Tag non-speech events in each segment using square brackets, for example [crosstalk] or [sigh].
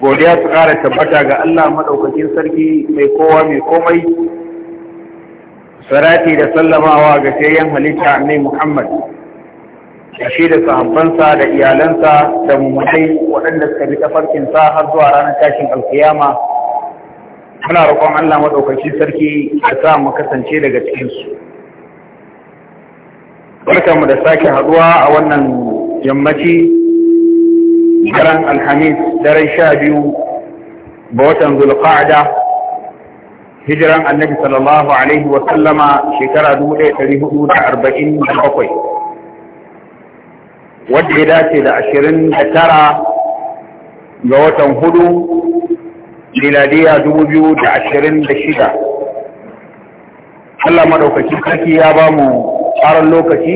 godiya su ƙara tabbata ga Allah maɗaukakin sarki mai kowa mai komai sarati da sallamawa ga sayan halitta mai Muhammad da shi da sahabbansa da iyalansa da mummai waɗanda suka bi tafarkinsa har zuwa ranar tashin alkiyama muna roƙon Allah maɗaukaki sarki a sa mu kasance daga cikinsu barkanmu da sake haɗuwa a wannan yammaci daren alhamis daren sha biyu ga watan zulqa'da hijiran annabi sallallahu alaihi wa sallama shekara 1447 wadda ya dace da 29 ga watan hudu miladiya 2026 Allah madaukaki sarki ya bamu tsaron lokaci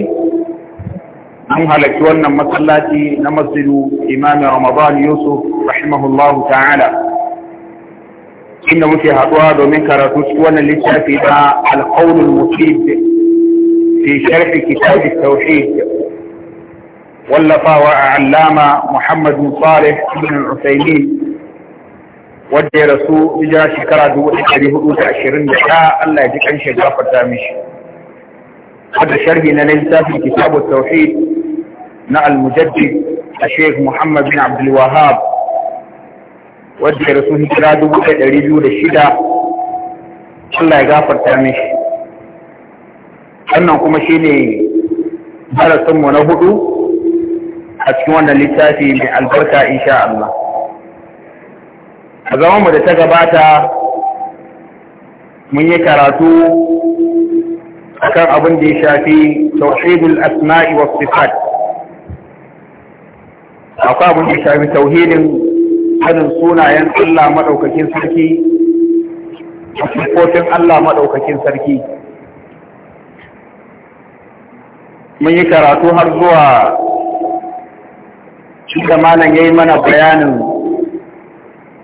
an halarci wannan masallaci na masjidu imam ramadan yusuf rahimahullahu ta'ala inda muke haɗuwa domin karatu cikin wannan littafi na alƙaunin mufid fi sharhi kitabi tauhid wallafawa a allama muhammad salih ibn al-usaimin wadda ya rasu hijira shekara 1421 Allah ya ji kan shi gafarta mishi wadda sharhi na littafin kitabu tauhid na almujaddi a sheikh muhammad bin Abdulwahab, wahab wadda ya rasu hijira dubu da ɗari biyu da shida Allah ya gafarta mishi wannan kuma shi ne darasinmu na hudu a cikin wannan littafi mai albarka insha Allah a zamanmu da ta gabata mun yi karatu akan abin da ya shafi tauhidul asma'i was sifat akwai abin da shafi tauhidin sanin sunayen Allah maɗaukakin sarki a siffofin Allah maɗaukakin sarki mun yi karatu har zuwa inda malam ya yi mana bayanin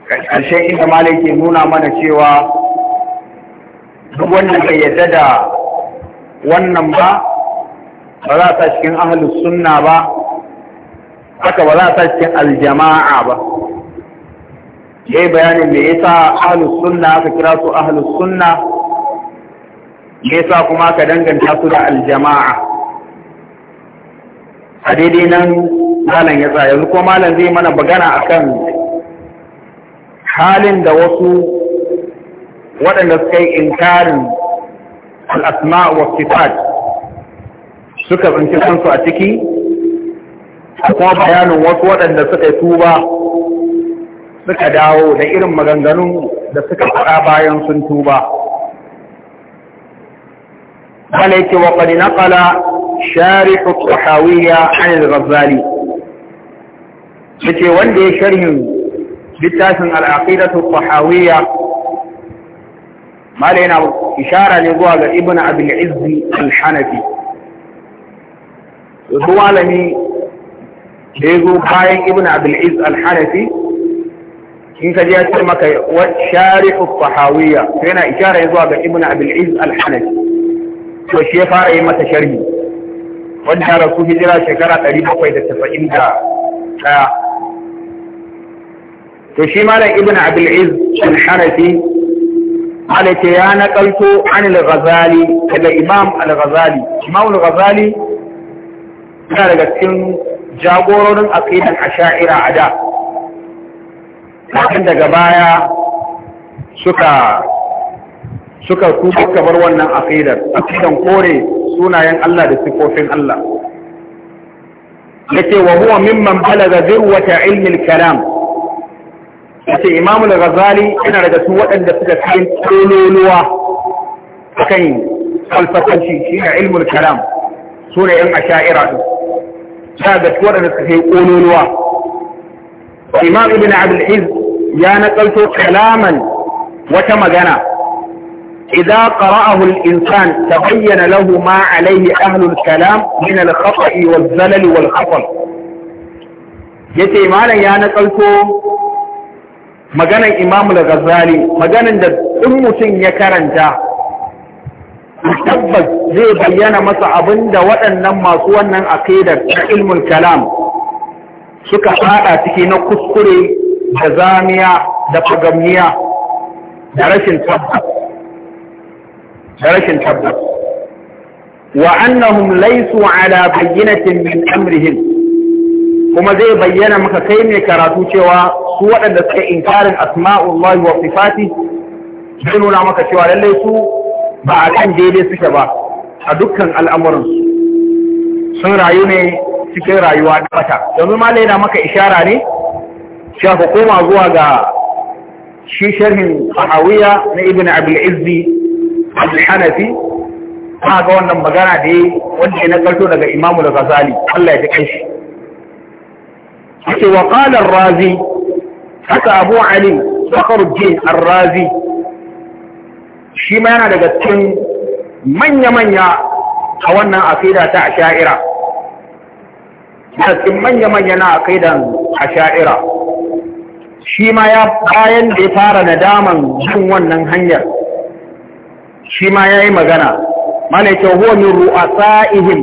ƙarshen inda malam ke nuna mana cewa duk wanda bai yadda da wannan ba ba za ta cikin ahalus sunna ba haka ba za a sa cikin aljama'a ba yayi bayanin me yasa ahlus sunna aka kira su ahlus sunna me yasa kuma aka danganta su da aljama'a a daidai nan malam ya tsaya yanzu ko malam zai mana magana akan halin da wasu waɗanda suka yi inkarin al'asma wa sifat suka tsinci kansu a ciki akwai bayanin wasu waɗanda suka yi tuba suka dawo da irin maganganun da suka faɗa bayan sun tuba. Malaiki wa ƙari na ƙala shari'u tsohawiyya hanyar gazzali. Suke wanda ya sharhin littafin al’aƙidatun tsohawiyya, Malai yana ishara ne zuwa ga Abin Abil Izzi al-Hanafi. Zuwa lami da ya zo bayan ibn abdulaziz al-hanafi in ka ji ya ce maka wa shari'u fahawiyya to yana ishara zuwa ga ibn abdulaziz al-hanafi to shi ya fara yi masa sharhi wanda ya rasu hijira shekara 771 to shi malam ibn abdulaziz al-hanafi malaka ya nakalto an al-ghazali daga imam al-ghazali imam al-ghazali yana daga cikin jagororin aqidan asha'ira a da kafin daga baya suka suka tuba kamar wannan aqidar aqidan kore sunayen Allah da sifofin Allah yake wa huwa mimman balaga zirwata ilmi kalam yace Imam al-Ghazali yana daga su waɗanda suka kai tsololuwa akan falsafanci shine ilmin kalam sune yan asha'ira din ta ga waɗanda suka yi ƙololuwa imam ibn abdul'iz ya naƙalto kalaman wata magana إذا قرأه الإنسان تبين له ما عليه أهل الكلام من الخطأ والزلل والخطأ yace malam ya nakalto maganan Imam al-Ghazali maganan da duk mutum ya karanta tabbas zai bayyana masa abin da waɗannan masu wannan akidar na ilmul kalam suka fada ciki na kuskure da zamiya da fagamniya da rashin tabbas da rashin tabbas wa annahum laysu ala bayyinatin min amrihim kuma zai bayyana maka kai mai karatu cewa su waɗanda suka inkarin asma'ullahi wa sifati zai nuna maka cewa lallai su ba a kan daidai suke ba a dukkan al'amuran sun rayu ne cikin rayuwa da mata yanzu ma laina maka ishara ne shafa koma zuwa ga shi sharhin fahawiya na ibn abul izzi al-hanafi ma ga wannan magana da ya wanda ya nagarto daga imamu da gazali Allah ya fi kai shi ake wa razi haka abu ali bakaruddin an razi shi ma yana daga cikin manya-manya a wannan aƙida ta sha'ira. yana cikin manya-manya na a sha'ira shi ma ya bayan da ya fara nadaman jin wannan hanyar shi ma ya yi magana malaikin huwa min ru'asa'ihim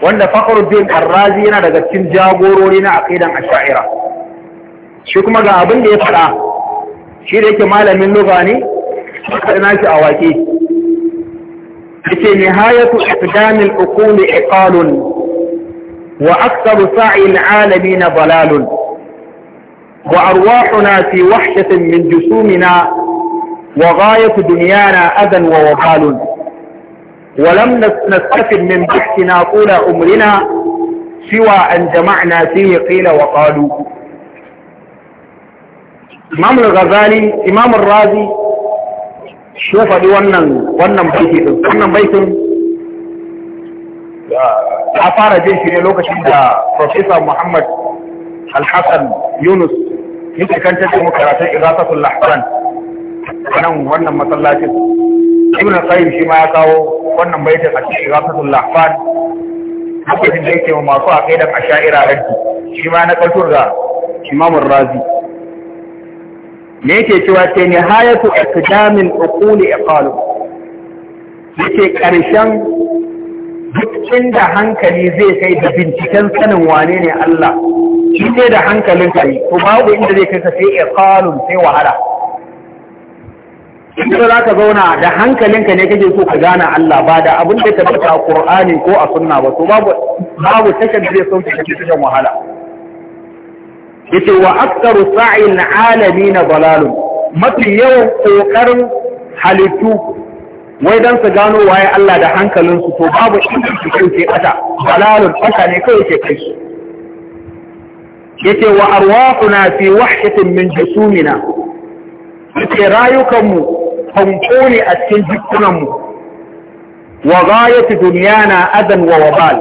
wanda fakhruddin bin razi yana daga cikin jagorori na a sha'ira. shi kuma ga abin da ya faɗa. shi da yake malamin lugha ne ما شاء واكي نهاية إقدام الأقول إقال وأكثر سعي العالمين ضلال وأرواحنا في وحشة من جسومنا وغاية دنيانا أذى ووبال ولم نستفد من بحثنا طول أمرنا سوى أن جمعنا فيه قيل وقالوا إمام الغزالي إمام الرازي shi faɗi wannan wannan baiti din wannan baitin ya fara jin shi ne lokacin da Professor Muhammad Al-Hassan Yunus yake kan tace mu karatun Igasatul Lahban nan wannan masallacin Ibn Qayyim shi ma ya kawo wannan baitin a cikin Igasatul Lahban lokacin da yake masu aqidar Asha'ira raddi shi ma na kautur da Imam Razi me yake cewa ce ne hayatu iqdamin uquli iqalu yake karshen duk inda hankali zai kai da binciken sanin wane ne Allah shi ne da hankalin kai to babu inda zai kai ka sai iqalun sai wahala inda za ka zauna da hankalinka ne kake so ka gane Allah ba da abin da ka tabbata a Qur'ani ko a sunna ba to babu babu tashar da zai sauke ka cikin wahala yace wa aktaru sa'in alamina dalalun mafi yawan kokarin halittu wai dan su gano waye Allah da hankalin su to babu inda su kuce ata dalalun fata ne kai ke kai yace wa arwahuna fi wahshatin min jusumina yace rayukan mu fanko ne a cikin jikunan mu wa ghayatu dunyana adan wa wabal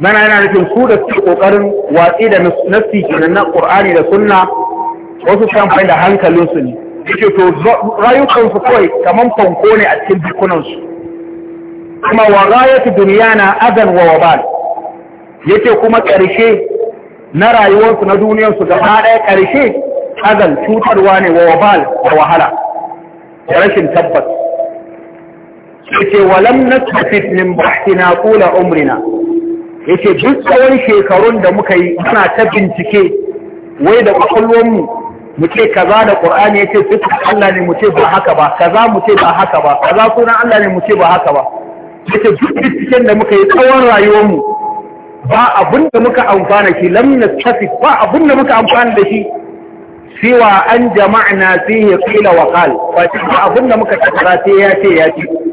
mana yana nufin su da suke kokarin watsi da nassi kenan na qur'ani da sunna wasu san fa da hankalin su ne yake to rayukan su kawai kaman fanko ne a cikin dukunan su kuma wa ghayatu dunyana adan wa wabal yake kuma karshe na rayuwar su na duniyar su gaba daya karshe adan cutarwa ne wa wabal da wahala da rashin tabbas yake walam nasfit min bahtina qula umrina yace duk tsawon shekarun da muka yi muna ta bincike wai da kwakwalwarmu mu ce kaza da ƙur'ani yace sifar Allah ne mu ce ba haka ba kaza mu ce ba haka ba kaza sunan Allah ne mu ce ba haka ba yace duk binciken da muka yi tsawon rayuwarmu ba abin da muka amfana shi lam nastafi ba abin da muka amfana da shi siwa an jama'na fihi qila wa qal fa abin da muka tattara sai ya ce ya ce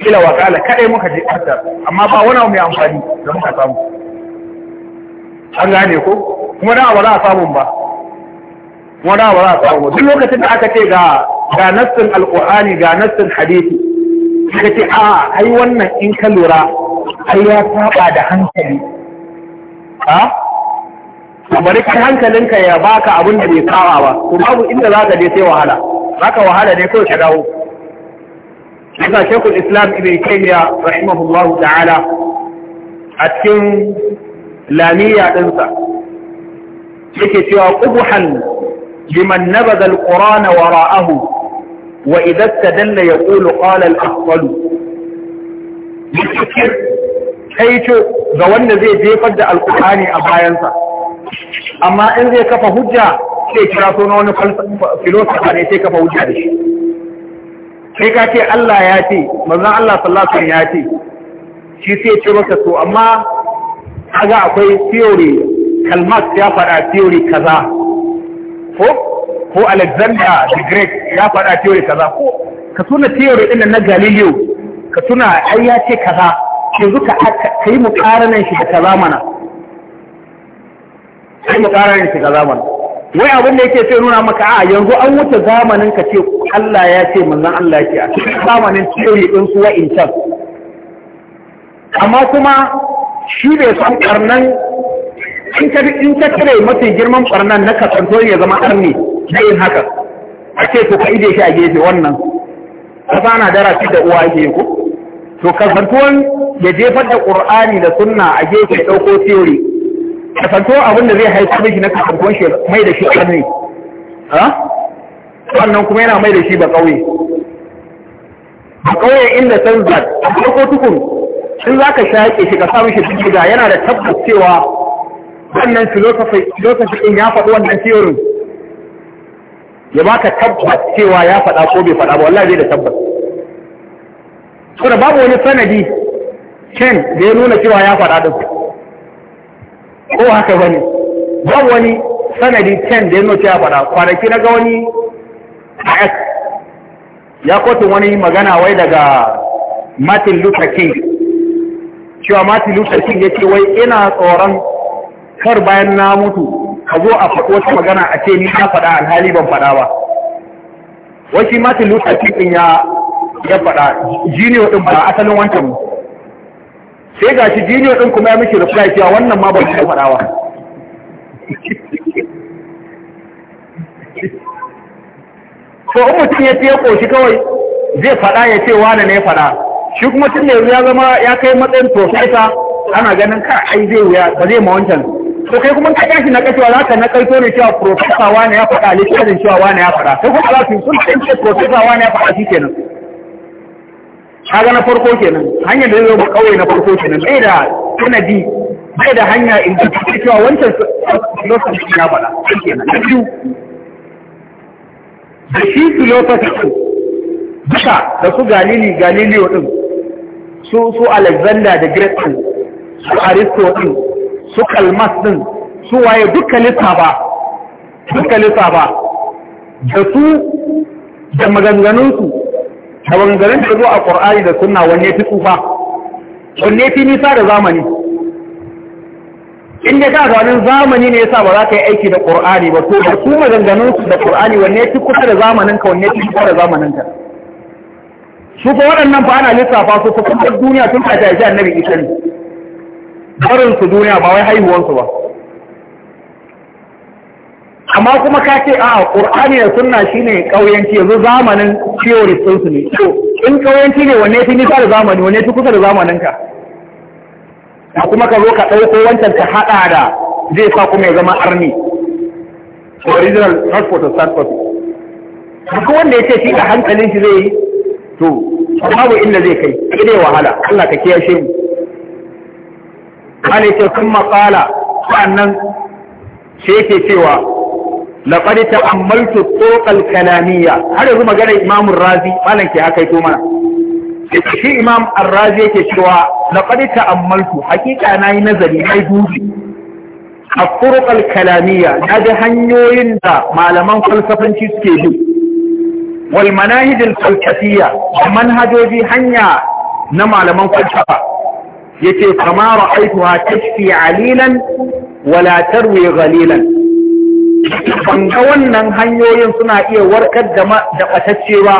kila ta'ala kadai muka je arda amma ba wani mai amfani da muka samu an gane ko kuma da ba za a samu ba kuma da ba za a samu duk lokacin da aka ce ga ga nassin alqur'ani ga nassin hadisi ka ce a ai wannan in ka lura ai ya saba da hankali ha bari kan hankalinka ya baka abin da bai saba ba to babu inda za ka je sai wahala zaka wahala ne kawai ka dawo لذا شيخ الإسلام ابن تيمية رحمه الله تعالى لا نية انسى لكي تيوى قبحا لمن نبذ القرآن وراءه وإذا استدل يقول قال الأفضل يتكر حيث ذوان ذي جيفد القرآن أبا ينسى أما إن ذي كفهجة كي تراثون ونفلوس عليه كفهجة بشي Sai ka ce Allah ya ce manzon Allah sallallahu alaihi ya ce shi sai ce maka to amma kaga akwai theory kalmas ya faɗa theory kaza ko ko Alexander the Great ya faɗa theory kaza ko ka tuna theory din na Galileo ka tuna ai ya ce kaza yanzu ka kai mu karanan shi da kaza mana kai mu karanan shi kaza mana wai abin da yake sai nuna maka a yanzu an wuce zamanin ka ce Allah ya ce manzon Allah ya ce zamanin theory din su wa'in can amma kuma shi bai san karnan in ka in ka kare mafi girman barnan na kasanto ya zama arni da yin haka a ce to ka ide shi a gefe wannan ka sana dara shi da uwa ake ku to kasantuwan ya jefar da qur'ani da sunna a gefe dauko theory kasanto abin da zai haifa miki na kasantuwan shi mai da shi a wannan kuma yana mai da shi ba ƙauye Ba ƙauye inda san zat a farko tukun in za ka shaƙe shi ka samun shi bincika yana da tabbas cewa wannan filosofi in ya faɗi wannan theory ya ka tabbas cewa ya faɗa ko bai faɗa ba wallahi zai da tabbas kuma babu wani sanadi ken da ya nuna cewa ya faɗa din ko haka bane ban wani sanadi can da ya noce a faɗa, kwanaki na ga wani a x ya kotun wani magana wai daga martin luther king cewa martin luther king ya ce wai ina tsoron kar bayan na mutu ka zo a faɗo wata magana a ce ni na faɗa alhali ban faɗa ba wai shi martin luther king ya ya faɗa jiniyo ɗin ba asalin wancan mu sai ga shi jiniyar ɗin kuma ya miki reply cewa wannan ma ba su faɗawa so in mutum ya fiye ƙoshi kawai zai faɗa ya ce wane ne ya faɗa shi kuma tun da yanzu ya zama ya kai matsayin profesa ana ganin ka ai zai wuya ba zai ma wancan to kai kuma ka tashi na kashewa za ka na kaito ne cewa profesa wane ya faɗa littafin cewa wane ya faɗa sai kuma za su sun ce profesa wane ya faɗa shi kenan kaga na farko kenan hanyar da zai zama na farko kenan bai da sanadi bai da hanya in ji cewa wancan filosofi ya bada kenan na biyu da shi filosofi duka da su galili galileo din su su alexander da great din su aristo din su kalmas din su waye duka ba duka ba da su da maganganunsu da maganganun da zo a da sunna wanne fi tsufa wanne fi nisa da zamani in ta zanen zamani ne yasa ba za ka yi aiki da ƙur'ani ba to da su maganganun su da ƙur'ani wanne fi kusa da zamanin ka wanne fi kusa da zamanin ka su fa waɗannan fa ana lissafa su fa kuma duniya tun a jaji annabi isa ne Barinsu duniya ba wai haihuwansu ba amma kuma ka ce a ƙur'ani da shi ne ƙauyanci yanzu zamanin theorist su ne in ƙauyanci ne wanne fi nisa da zamani wanne fi kusa da zamaninka da kuma ka zo ka ɗauko wancan ta haɗa da zai sa kuma ya zama army original of protestant copy duk wanda ya ce shi da hankalin shi zai yi to babu inda zai kai ne wahala Allah ka kiyashe mu Allah ya ce kun maƙala sannan sai yake cewa laqad ta'ammaltu tuqal kalamiyya har yanzu maganar Imam Razi malam ke haka to mana shi Imam Ar-Razi yake cewa Amaltu" ta'ammaltu na yi nazari nayi dubi al-turuqal kalamiyya da hanyoyin da malaman falsafanci suke bi wal manahij al manhajoji hanya na malaman falsafa yace kama ra'aituha tashfi alilan wala tarwi ghalilan ban ga wannan hanyoyin suna iya warkar da ɓatacce ba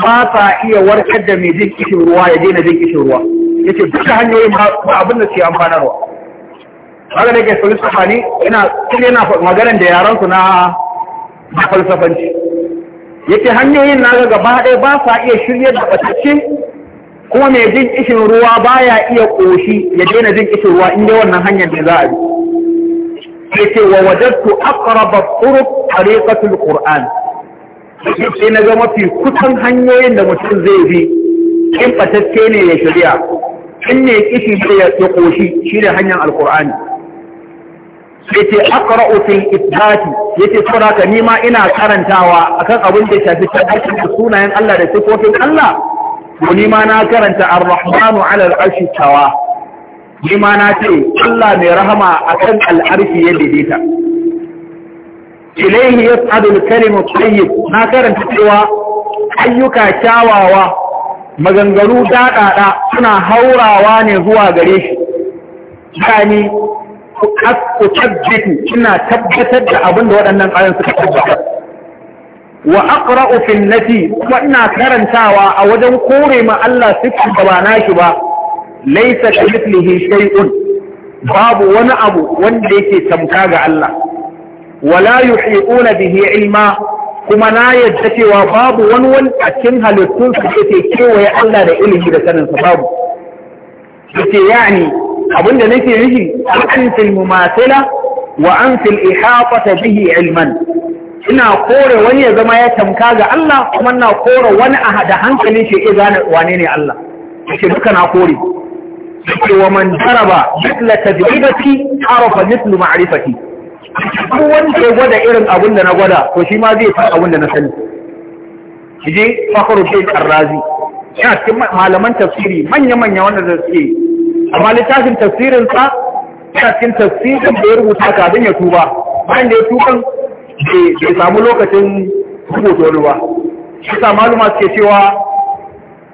ba sa iya warkar da mai jin kishin ruwa ya daina jin kishin ruwa ya ce duka hanyoyin ba abin da ke amfanarwa haka da ke soli sufani yana kuma yana maganar da yaran su na falsafanci ya ce hanyoyin na ga gaba ɗaya ba sa iya shirya da ɓatacce kuma mai jin kishin ruwa baya iya ƙoshi ya daina jin kishin ruwa inda wannan hanyar da za a bi yake wa wajadtu aqrab al-turuq tariqatu quran sai na ga mafi kusan hanyoyin da mutum zai bi in fatacce ne ya shirya. in ne kishi ne ya koshi shine hanyar al-qur'ani sai ce aqra'u fil ithbati yace saboda ni ma ina karantawa akan abin da shafi tabbatar sunayen Allah da sifofin Allah to ni ma na karanta ar-rahmanu 'ala al-'arshi tawa ni ma na ce Allah mai rahama akan al'arshi ya daidaita ilaihi ya al-kalimu tayyib na karanta cewa ayyuka kyawawa maganganu daɗaɗa suna haurawa ne zuwa gare shi yani ku tabbitu suna tabbatar da abin da waɗannan ayon suka tabbatar wa aqra'u fil nati kuma ina karantawa a wajen kore ma Allah sifin da ba nashi ba laisa ka mithlihi shay'un babu wani abu wanda yake tamka ga Allah wala yuhiquna bihi ilma kuma na yadda cewa babu wani wani a cikin halittun su yake kewaye Allah da ilimi da sanin sa babu yace yani abinda nake nufi antil mumathila wa antil ihata bihi ilman ina kore wani ya zama ya tamka ga Allah kuma na kore wani a da hankali shi ya gane wane ne Allah shi duka na kore yake wa man daraba mithla tajribati arafa mithlu ma'rifati duk wanda ya gwada irin abin da na gwada to shi ma zai san abin da na sani je fakhruddin ar-razi Ya cikin malaman tafsiri manya-manya wanda da suke amma littafin tafsirin sa ya cikin tafsirin da ya rubuta kafin ya tuba bayan da ya tuban bai samu lokacin rubuta wani ba shi sa maluma suke cewa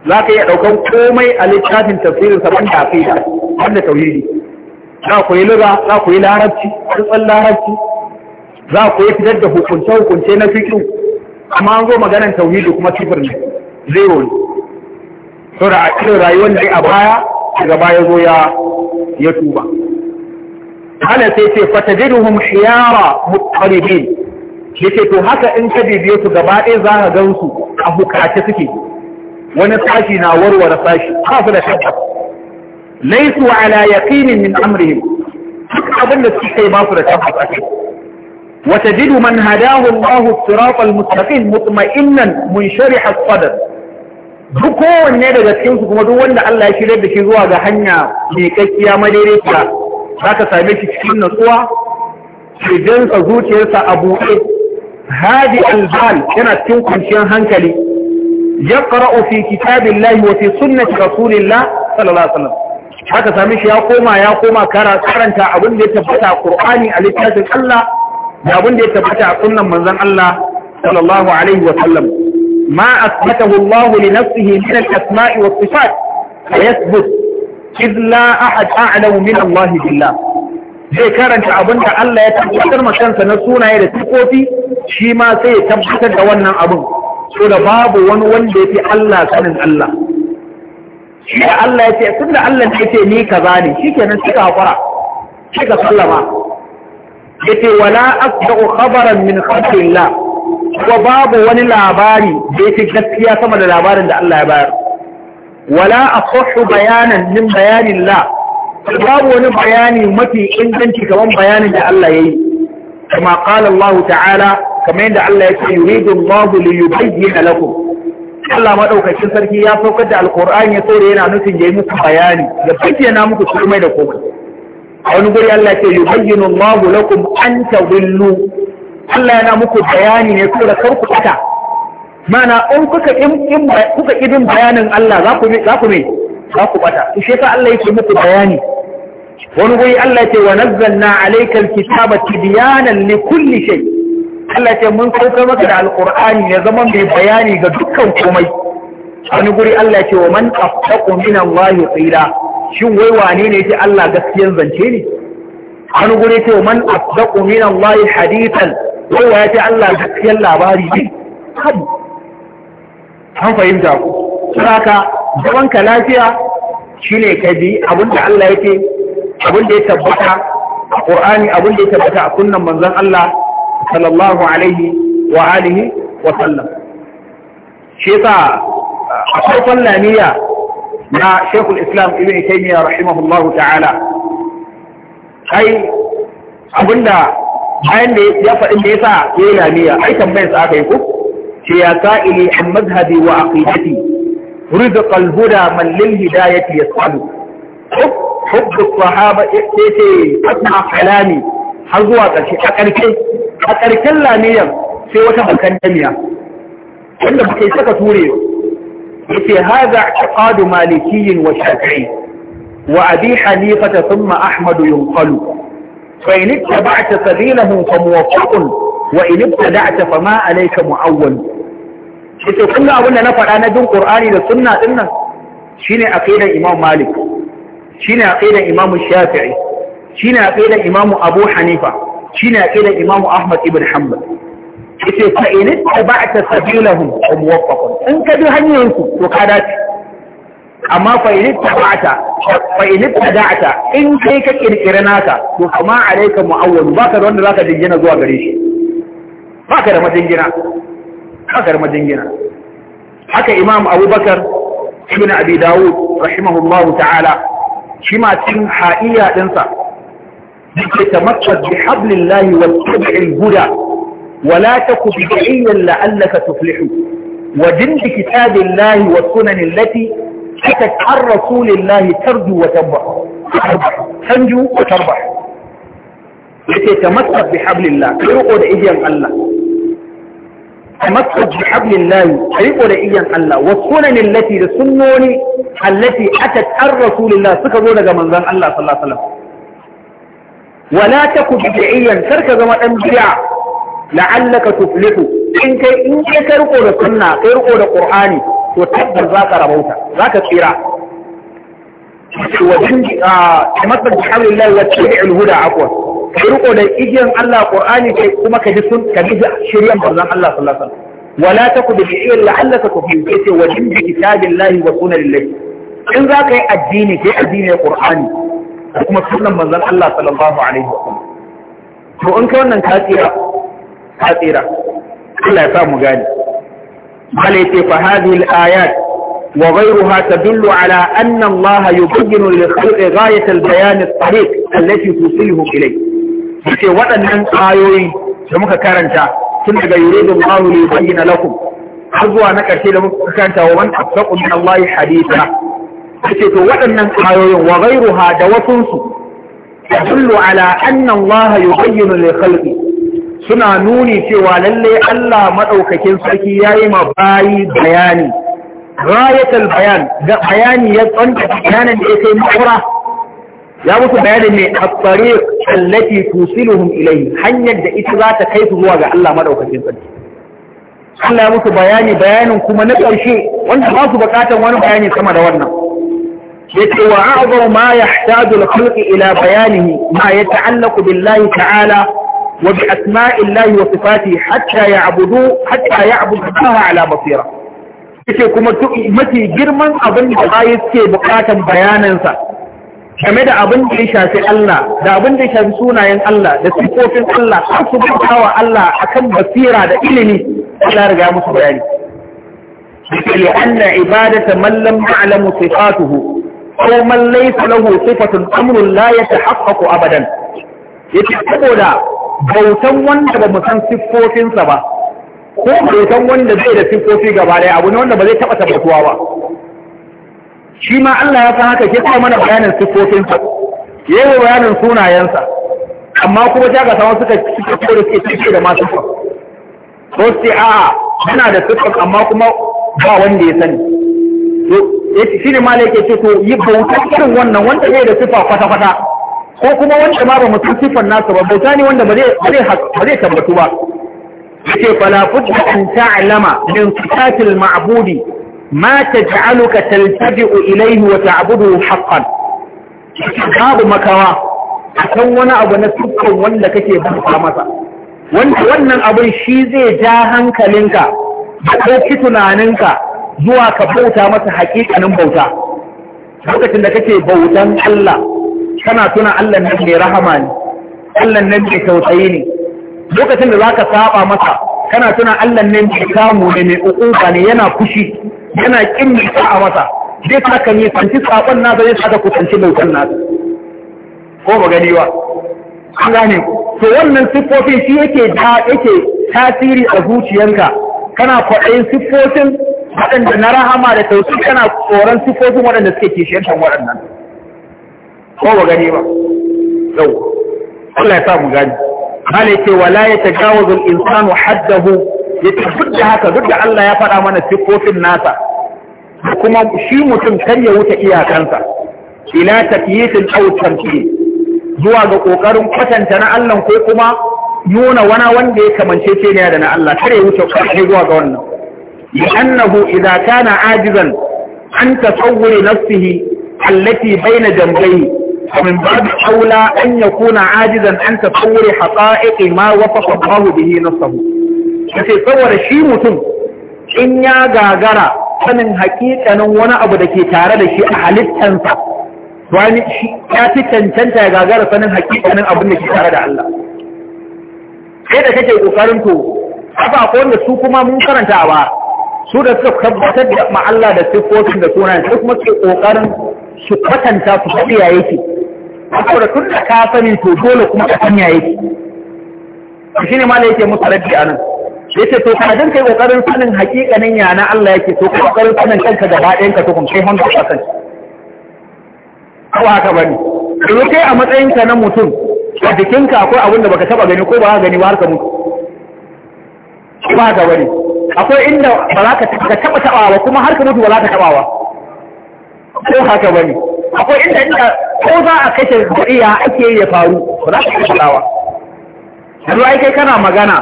za ka iya ɗaukar komai a littafin tafsirin saman da da wanda tauhidi za ku yi lura za ku yi larabci tsantsan larabci za ku yi fitar da hukunce hukunce na fiqh amma an zo maganar tauhidi kuma sifir ne zero ne So da cikin rayuwar da a baya daga baya zo ya ya tuba hana sai ce fatajiduhum khiyara muqarribin yake to haka in ka bibiye su gaba ɗaya za ka gan su a hukace suke wani sashi na warware sashi ba su da shakka laisu ala yaqinin min amrihim duk abin da suke ba su da tabbas a wa tajidu man hadahu Allah sirat mustaqim mutma'innan munshariha as-sadr duk kowanne daga cikin su kuma duk wanda Allah ya shirye da shi zuwa ga hanya mai kakkiya madaidaiciya zaka same shi cikin natsuwa shidansa zuciyarsa a buɗe hadi al-bal yana cikin kunciyar hankali yaqra'u fi kitabillahi wa fi sunnati rasulillah sallallahu alaihi wasallam haka sami shi ya koma ya koma karanta abin da ya tabbata a Qur'ani a littafin Allah da abin da ya tabbata a sunnan manzon Allah sallallahu alaihi wasallam ma asbatahu Allah li nafsihi min al-asma'i wa sifat فيثبت إذ لا أحد أعلم من الله zai karanta abin da Allah ya tabbatar ma kansa na sunaye da sifofi shi ma sai ya tabbatar da wannan abin so da babu wani wanda ya fi Allah sanin Allah shi Allah ya ce tun da Allah ya ce ni kaza ne shi kenan suka haƙura suka sallama ya ce wala asdaqu khabaran min khabrillah ko babu wani labari da ya fi gaskiya sama da labarin da Allah ya bayar wala asahhu bayanan min bayanillah babu wani bayani mafi inganci kamar bayanin da Allah ya yi kama qala Allah ta'ala kamar yadda Allah ya ce yuridu Allahu li yubayyana lakum Allah madaukakin sarki ya saukar da alqur'ani ya tsore yana nufin yayi muku bayani da bayyana muku mai da koma a wani guri Allah ya ce yubayyinu Allahu lakum an tadillu Allah yana muku bayani ne kuma kar ku tsaka mana in kuka in kuka idin bayanin Allah za ku za ku za ku bata shi ka Allah yake muku bayani wani guri Allah ya ce wa nazzalna alaykal kitaba tibyanan li kulli shay' Allah ce mun saukar maka da alƙur'ani ya zama mai bayani ga dukkan komai wani guri Allah ce wa man afdaqu min Allah tsira? shin wai wane ne ce Allah gaskiyan zance ne wani guri ce wa man afdaqu min Allah hadithan wai wa ce Allah gaskiyan labari ne kan an fahimta ku saka zaman ka lafiya shine ka bi abinda Allah yake abinda ya tabbata a Qur'ani abinda ya tabbata a sunnan manzon Allah sallallahu alaihi wa alihi wa sallam shi a farkon lamiya na Sheikhul Islam Ibn Taymiyyah rahimahullahu ta'ala kai abinda bayan da ya faɗi da yasa yayi lamiya ai tambayar sa aka yi ko ce ya sa'ili an mazhabi wa aqidati rizqa al-huda man lil hidayati yas'alu حب الصحابة يأتي أسمع كلامي har zuwa ƙarshe a ƙarshe a ƙarshen lamiyan sai wata bakandamiya wanda muke saka ture yace hadha i'tiqadu malikiyyin wa shafi'i wa abi hanifa thumma ahmad yunqalu fa in ittaba'ta sabilahum fa muwaffaqun wa in ibtada'ta fa ma alayka mu'awwal yace kun abin da na faɗa na bin qur'ani da sunna din nan shine aqidar imam malik shine aqidar imam shafi'i shine aqidar imamu abu hanifa shine aqidar imamu ahmad ibn hanbal yace fa in ittaba'ta sabilahum fa muwaffaqun in ka bi hanyoyin su to ka dace amma fa in ittaba'ta fa in ittaba'ta in kai ka kirkira naka to kuma alayka mu'awwal baka da wanda zaka dingina zuwa gare shi baka da madingina baka da madingina haka imam Abu Bakar ibn abi dawud rahimahullahu ta'ala shi ma cin ha'iya dinsa yake tamakkad bi hablillahi wattabi'il huda wala taku bid'iyyan la'allaka tuflihu wajin bi kitabillahi wa sunanil lati tatat ar rasulillahi tarju wa tabba tanju wa tabba yake tamakkad bi hablillah riko da igiyan Allah tamakkad bi hablillah riko da igiyan Allah wa sunanil lati da sunnoni allati atat ar rasulillah suka zo daga manzon Allah wala taku bid'iyyan kar ka zama dan bid'a la'allaka tuflihu in kai in kai ka riko da sunna da qur'ani to tabbas zaka rabauta zaka tsira wajen da hamlin lalace da ilhuda akwai ka riko da igiyar Allah Qur'ani kuma ka ji sun ka ji shiryan manzon Allah sallallahu alaihi wasallam wala taku bi la'allaka wajen bi in za ka yi addini kai addini Qur'ani da kuma sunan manzon Allah sallallahu alaihi wasallam to in ka wannan ka tsira ka tsira Allah ya sa mu gani bale ce fa hadhihi al-ayat wa ghayruha tadullu ala anna Allah yubayyinu lil khalqi ghayat al-bayan at-tariq allati tusilhu ilayh ce waɗannan ayoyi da muka karanta tun daga yuridu Allah li yubayyana lakum har zuwa na ƙarshe da muka karanta wa man asdaqu min Allah haditha yake to waɗannan ayoyin wa ghayruha da wasunsu yadullu ala anna Allah yubayyinu li khalqi suna nuni cewa lallai Allah maɗaukakin sarki yayi ma bayi bayani bayan da bayani ya tsanta bayanan da kai makura ya musu bayanin ne at-tariq allati tusiluhum hanyar da ita za ta kai su zuwa ga Allah maɗaukakin sarki Allah ya musu bayani bayanin kuma na ƙarshe wanda ba su buƙatar wani bayani sama da wannan yace wa a'zamu ma yahtaju al-khalq ila bayanihi ma yata'allaqu billahi ta'ala wa bi asma'illahi wa sifatihi hatta ya'budu hatta ya'budu Allah ala basira yace kuma mafi girman abin da bayi ke bukatan bayanansa game da abin da ya shafi Allah da abin da ya shafi sunayen Allah da sifofin Allah har su bautawa Allah akan basira da ilimi Allah riga musu bayani لأن عبادة من لم يعلم صفاته aw man laysa lahu sifatun amrun la yatahaqqaqu abadan yace saboda bautan wanda ba mu san siffofinsa ba ko bautan wanda zai da siffofi gaba daya abu ne wanda ba zai taba tabbatuwa ba shi ma Allah ya san haka ke kuma mana bayanin siffofinsa yayi bayanin sunayensa amma kuma ta ga sama suka suka kore suke cike da masu siffar ko sai a'a yana da siffar amma kuma ba wanda ya sani shi ne malai yake ce to yi bauta irin wannan wanda zai da sifa kwata-kwata ko kuma wanda ma ba mu san sifar nasu ba bauta ne wanda ba zai tabbatu ba yake fala budda an ta'lama min sifatil ma'budi ma taj'aluka taltaji'u ilayhi wa ta'buduhu haqqan babu makawa akan wani abu na dukkan wanda kake bauta masa wanda wannan abin shi zai ja hankalinka da tunaninka zuwa ka bauta masa haƙiƙanin bauta lokacin da kake bautan Allah kana tuna Allah nan mai rahama ne Allah nan mai tausayi ne lokacin da zaka saba masa kana tuna Allah nan mai kamu ne mai ukuba ne yana kushi, yana kin mai a masa zai saka ne fanci sabon nasa zai saka kusanci bautan nasa ko ba gani ba an gane to wannan siffofin shi yake da yake tasiri a zuciyarka kana kwaɗayin siffofin waɗanda na rahama da tausi kana tsoron sifofin waɗanda suke kishiyantar waɗannan ko ba gani ba yau Allah ya sa mu gani Allah yake wala ya tajawazu zul insanu haddahu yake duk da haka duk da Allah ya faɗa mana sifofin nasa kuma shi mutum kar ya wuce iyakansa ila sun ɗaukar tamthil zuwa ga kokarin kwatanta na Allah ko kuma nuna wana wanda ya kamance ne da na Allah kar ya wuce kai zuwa ga wannan لأنه إذا كان عاجزا عن تصور نفسه التي بين جنبيه فمن باب أولى أن يكون عاجزا عن تصور حقائق ما وصف الله به نفسه kace saboda shi mutum in ya gagara sanin hakikanin wani abu da ke tare da shi a halittansa wani shi ya fi cancanta ya gagara sanin hakikanin abin da ke tare da Allah sai da kake kokarin to haka akwai wanda su kuma mun karanta a baya su da suka tabbatar da ma'alla da siffofin da sunayen sai kuma ke ƙoƙarin su kwatanta su faɗi ya yake da tun da ka sani to dole kuma ka sanya yake shi ne mala yake musu rabbi a nan ya ce to kanadin kai ƙoƙarin sanin hakikanin ya na Allah yake to ƙoƙarin sanin kanka gaba ɗayan ka tukun kai hannu a kasance ko haka bane yanzu kai a matsayinka na mutum a jikinka akwai abin da baka taɓa gani ko ba gani ba har ka mutu ko haka bane akwai inda ba za ka taba ba kuma har ka mutu ba za ka ba, ko haka ba ne? akwai inda inda ko za a kashe kuriya ake yi ya faru ba za ka tabawa yanzu ai kai kana magana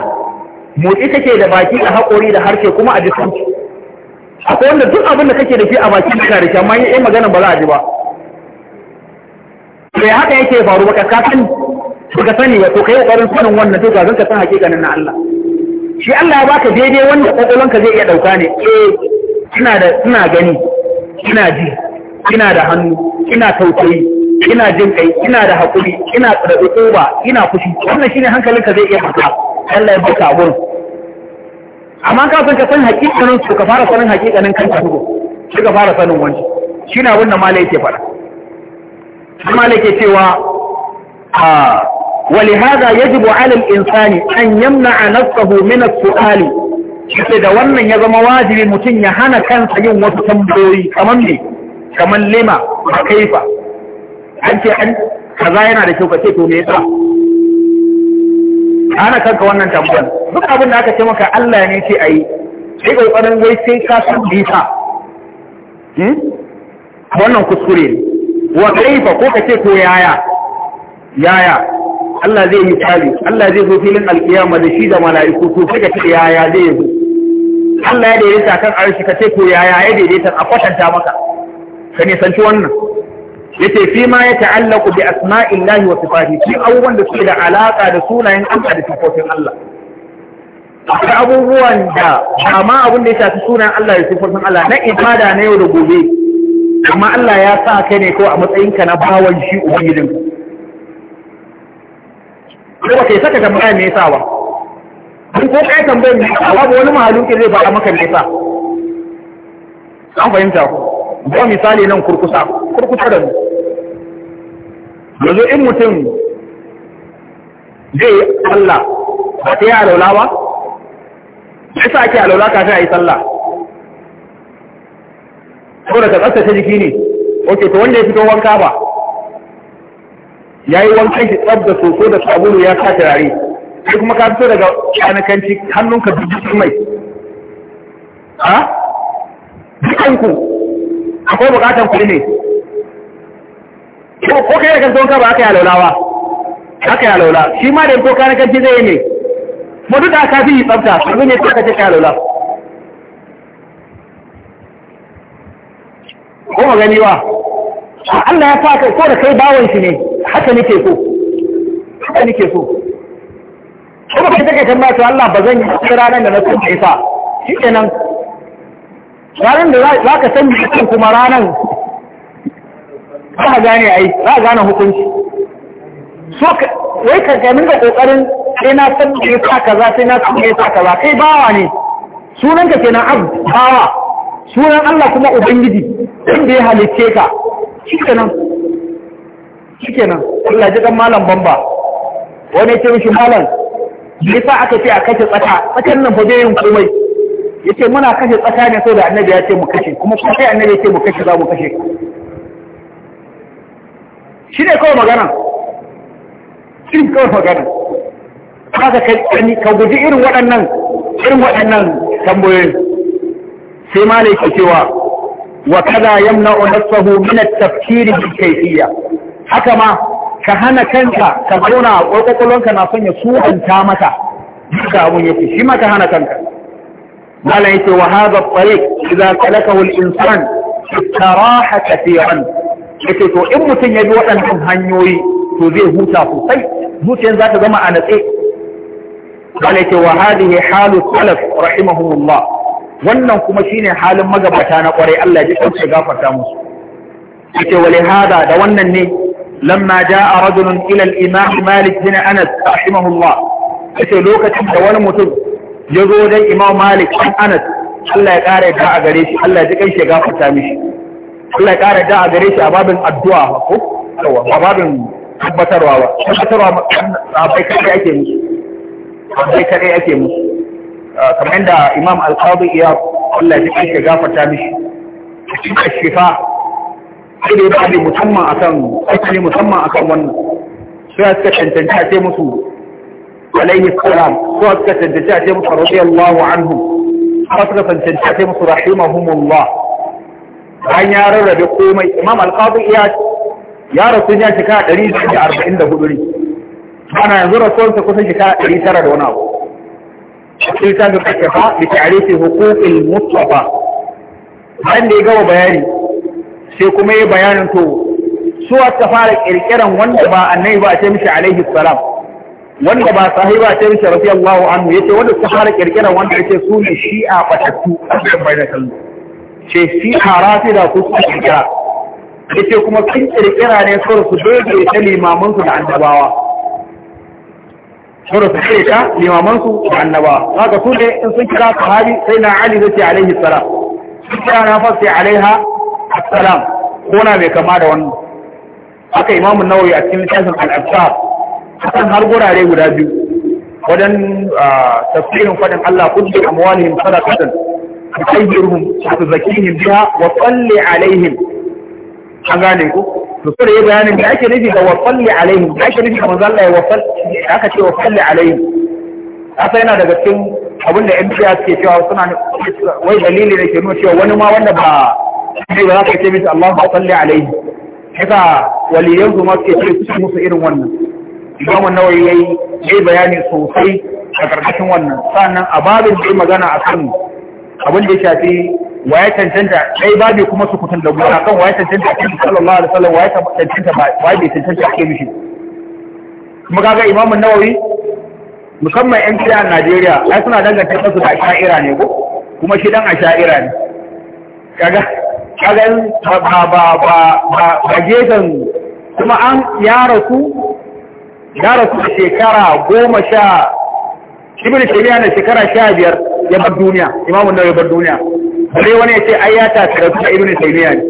motsi kake da baki da haƙori da harshe kuma a jikin akwai wanda duk abin da kake da shi a baki kana da shi amma yin magana ba za a ji ba bai haka yake faru ba ka san ba ka sani ba to kai ƙoƙarin sanin wannan to ga zan ka san hakikanin na Allah shi Allah ba ka daidai wanda kwakwalonka zai iya ɗauka ne E, ina da gani ina ji ina da hannu ina tausayi ina jin kai ina da hakuri ina tsarɗi tsoba ina fushi wannan shine hankalinka zai iya haka Allah ya baka gurin amma ka san ka san hakikanin su ka fara sanin hakikanin kanka duk shi ka fara sanin wani shine abin da malai yake faɗa malai yake cewa a ah, ولهذا يجب على الإنسان أن يمنع نفسه من السؤال da wannan ya zama wajibi mutum ya hana kansa yin wasu tambayoyi kamar ne kamar lima a kaifa an ce an kaza yana da kyau ka ce to me yasa hana kanka wannan tambayar duk abin aka ce maka Allah ne ce ayi sai kokarin wai sai ka san wannan kuskure wa kaifa ko ka ce to yaya yaya Allah zai yi tsari Allah zai zo filin alkiyama da shi da mala'iku to sai ka yaya zai zo Allah ya daidaita kan arshi ka ce ko yaya ya daidaita a kwatanta maka ka nisanci wannan yace fi ma ya ta'allaku bi asma'illahi wa sifatihi shi abubuwan da suke da alaka da sunayen Allah da sifofin Allah akwai abubuwan da amma abin da ya shafi sunayen Allah da sifofin Allah na ibada na yau da gobe amma Allah ya sa kai ne kawai a matsayinka na bawan shi ubangijinka ko ba kai saka tambaya me yasa ba duk ko kai tambayar me yasa babu wani mahaluki zai faɗa maka me yasa an fahimta ku ba misali nan kurkusa kurkusa da mu yanzu in mutum zai yi Allah ba ta yi alaula ba sai sa ake alaula kafin a yi sallah saboda ka tsaftace jiki ne ok to wanda ya fito wanka ba ya yi wankan shi tsab da soso da sabulu ya sa turare sai kuma ka fito daga kyanakanci hannunka duk jikin mai ha dukanku akwai bukatan kuri ne ko kai da wanka ba aka yi alaulawa aka yi alaula shi ma da yanko kyanakanci zai yi ne mu duk da aka fi yi tsabta abin ne suka ce kai alaula ko magani wa Allah ya fa ka ko da kai bawon shi ne haka nake so haka nake so kuma kai take kan to Allah ba zan yi ranar da na san fa, shi shikenan ranar da za ka san me yasa kuma ranar za ka gane ai za ka gane hukunci so wai ka ga da kokarin sai na san me yasa kaza sai na san me yasa kaza kai bawa ne sunanka kenan abu bawa sunan Allah kuma ubangiji inda ya halicce ka shikenan shikenan Allah ji kan malam bamba wani ke mishi malam yasa aka ce a kashe tsaka tsakan nan fa bai yin komai yace muna kashe tsaka ne saboda annabi ya ce mu kashe kuma kuma sai annabi ya ce mu kashe za mu kashe shi ne kawai magana shi ne kawai magana haka ka guji irin waɗannan irin waɗannan tambayoyin sai malai ke cewa wa kaza yamna'u nafsahu min at-tafkiri bil kayfiyya haka ma ka hana kanka ka zauna a ƙwarƙwaƙwalonka na son ya su'anta mata duka abun yake shi ma ka hana kanka mala yake wa hadha tariq idza salakahu al-insan istaraha kathiran yake to in mutum ya bi waɗannan hanyoyi to zai huta sosai zuciyar za ta zama a natse mala yake wa hadhihi halu salaf rahimahumullah wannan kuma shine halin magabata na kwarai Allah ya ji kansa gafarta musu yake wa hada da wannan ne لما جاء رجل إلى الإمام مالك بن أنس رحمه الله أسلوكة دوال متب يقول لي إمام مالك عن أنس ألا يقارع داع قريش ألا يجب أي شيء قاقع تاميش ألا يقارع داع قريش أباب الدعاء أباب حبة رواوة حبة رواوة أبايك أي أكي مش أبايك آه، أي أكي مش كمان إمام القاضي إياب ألا يجب أي شيء قاقع تاميش الشفاء sai da ya ba ne musamman a kan aikali musamman a kan wannan sai suka cancanci a ce musu alaihi salam sai suka cancanci a ce musu radiyallahu anhu sai suka cancanci a ce musu rahimahumullah an ya rarrabe komai imam alqadi iya ya rasu ya shika 144 ne ana yanzu rasuwarsa kusan shika 900 da wani abu sai ta ga kafa da ta'arifi huquqil mustafa bayan da ya gama bayani sai kuma yi bayanin to su aka fara kirkiran wanda ba nai ba a ce mishi alaihi salam wanda ba sahibi ba a ce mishi radiyallahu anhu ce, wanda suka fara kirkiran wanda ya ce, su ne shi'a fatattu a cikin bayanin kallo ce shi'a da ko su kirkira ce kuma sun kirkira ne kawai su doge ta limaman da annabawa kawai su ce ta limaman da annabawa haka su ne in sun kira sahabi sai na ali zai ce alaihi salam sun kira na fasi alaiha assalam ko na mai kama da wannan Aka imamu nawawi a cikin littafin al-absar har gurare guda biyu wajen ah, tafsirin fadin Allah a kai sadaqatan tukayyirhum wa tuzakihim biya wa salli alaihim an gane ku to sai ya bayanin da ake nufi da wa salli alaihim da ake nufi da manzo Allah ya aka ce wa salli alaihim asa yana daga cikin abin da MPR ke cewa suna wai dalili ne ke nuna cewa wani ma wanda ba sai ba za ka ce mita Allah ba salli alaihi haka waliyan su ma suke ce su musu irin wannan imamun nawayi yayi yayi bayani sosai a karkashin wannan sannan a babin da magana akan abin da ya shafi waye cancanta dai babi kuma su kutun da gona kan waye cancanta kan sallallahu alaihi wasallam waye cancanta ba waye tantanta cancanta ake mishi kuma kaga imamun nawayi musamman yan kira a Najeriya ai suna danganta kansu da sha'ira ne ko kuma shi dan a sha'ira ne kaga kagan ba ba kuma an ya rasu ya rasu da shekara goma sha ibn shirya na shekara sha biyar ya bar duniya imamun ya bar duniya sai wani ya ce ai ya ta su a ibn taymiya ne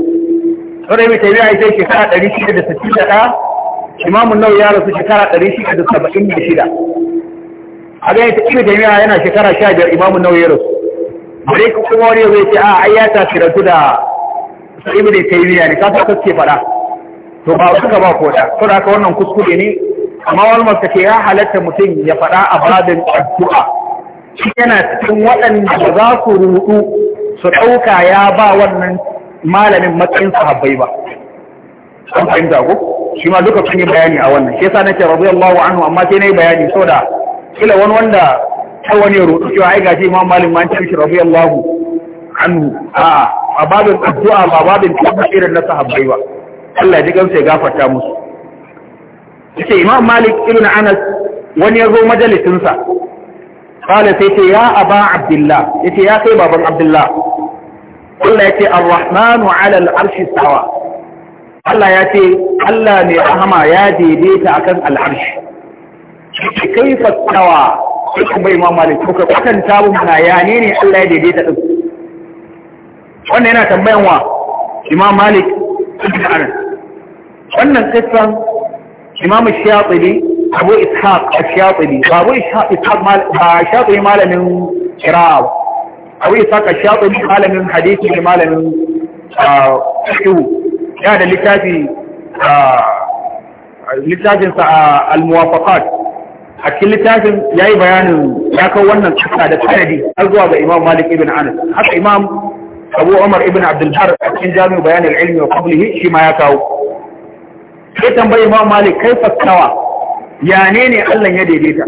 sai ibn taymiya ya ce shekara 661 imamun nawawi ya rasu shekara 676 a ga ta ibn taymiya yana shekara sha biyar imamun nawawi ya rasu bari kuma wani ya ce a ai ya ta karatu da ta ibi da taymiya ne kafa kake fada to ba ka ba ko da to da haka wannan kuskure ne amma walmar ka ce ya halatta mutum ya fada a babin addu'a shi yana cikin waɗanda za su rudu su ɗauka ya ba wannan malamin matsayin sahabbai ba an fahimta ko shi ma duka sun yi bayani a wannan shi yasa nake radiyallahu anhu amma sai nayi bayani saboda kila wani wanda ta wani rudu cewa ai gashi imam malik ma an ce shi radiyallahu anhu a'a a babin addu'a ba babin tabba irin na sahabbai ba Allah ji gamsa ya gafarta musu yace Imam Malik ibn Anas wani yazo majalisin sa kala sai ce ya aba Abdullah yace ya kai baban Abdullah Allah ya yace Ar-Rahmanu 'ala al-'arshi sawa. Allah ya ce Allah ne rahama ya daidaita akan al-'arshi kai istawa sai kuma Imam Malik kuka kwatanta mun ya ne ne Allah ya daidaita din wannan yana tambayan wa imam malik ibn anas wannan kissan imam shafi'i abu ishaq shafi'i abu ishaq ba shatibi malamin qira'a abu ishaq shafi'i malamin hadisi ne malamin fiqh ya da littafi littafin sa al-muwafaqat a cikin littafin yayi bayanin ya kawo wannan kissa da sanadi har zuwa ga imam malik ibn anas haka imam abu umar ibn abdulhar a cikin jami'u bayanin ilmi wa qablihi shi ma ya kawo sai tambayi ma malik kai fasawa ya ne ne Allah ya daidaita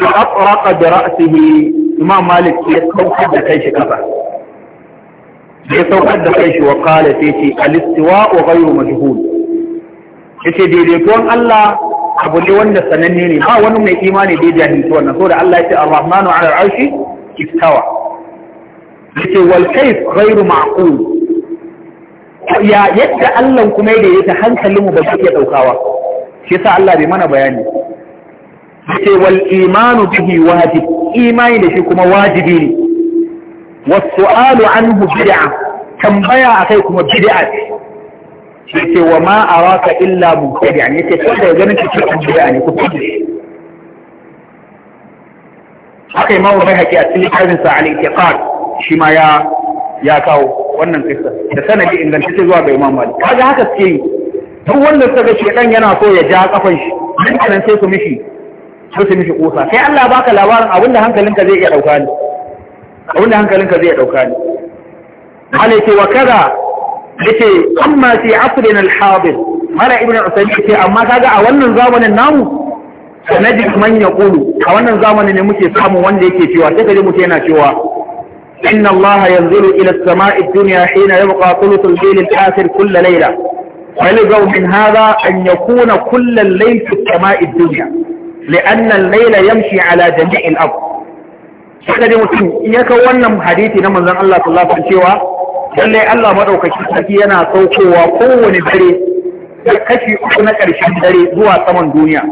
Su atraqa bi ra'sihi imam malik ya saukar da kai shi kafa ya saukar da kai shi wa qala sai ce al-istiwa wa ghayru Ya ce daidaituwan Allah abu ne wanda sananne ne ba wani mai imani da ya jahilci wannan da Allah ya ce ar-rahmanu 'ala al-'arshi istawa yake walkaif ghairu ma'qul ya yadda Allah kuma ya daidaita hankalinmu ba zai iya daukawa shi yasa Allah bai mana bayani yake wal imanu bihi wajib imani da shi kuma wajibi ne was su'alu anhu bid'a tambaya akai kuma bid'a ce yake wa ma araka illa mubtadi'an yake kada ganin cikin bid'a ne ku fadi haka imamu bai haƙi a cikin harinsa al-iqtiqad shi ma ya ya kawo wannan kissa da sanadi ingantacce zuwa ga Imam Malik kaga haka suke yi duk wanda suka ga dan yana so ya ja kafan shi kan sai su mishi sai su mishi kosa sai Allah baka labarin abinda hankalinka zai iya dauka ne abinda hankalinka zai iya dauka ne malai ce wa kaza yace amma fi asrina al-hadir mala ibnu usaymi ce amma kaga a wannan zamanin namu sanadi man yaqulu a wannan zamanin ne muke samu wanda yake cewa sai kaje mutum yana cewa إن الله ينزل إلى السماء الدنيا حين يبقى ثلث الليل الآخر كل ليلة فلزوا من هذا أن يكون كل الليل في السماء الدنيا لأن الليل يمشي على جميع الأرض sai dai mutum in ya wannan hadisi na manzon Allah sallallahu alaihi cewa lalle Allah madaukaki sarki yana saukowa kowane dare da kashi uku na ƙarshen dare zuwa saman duniya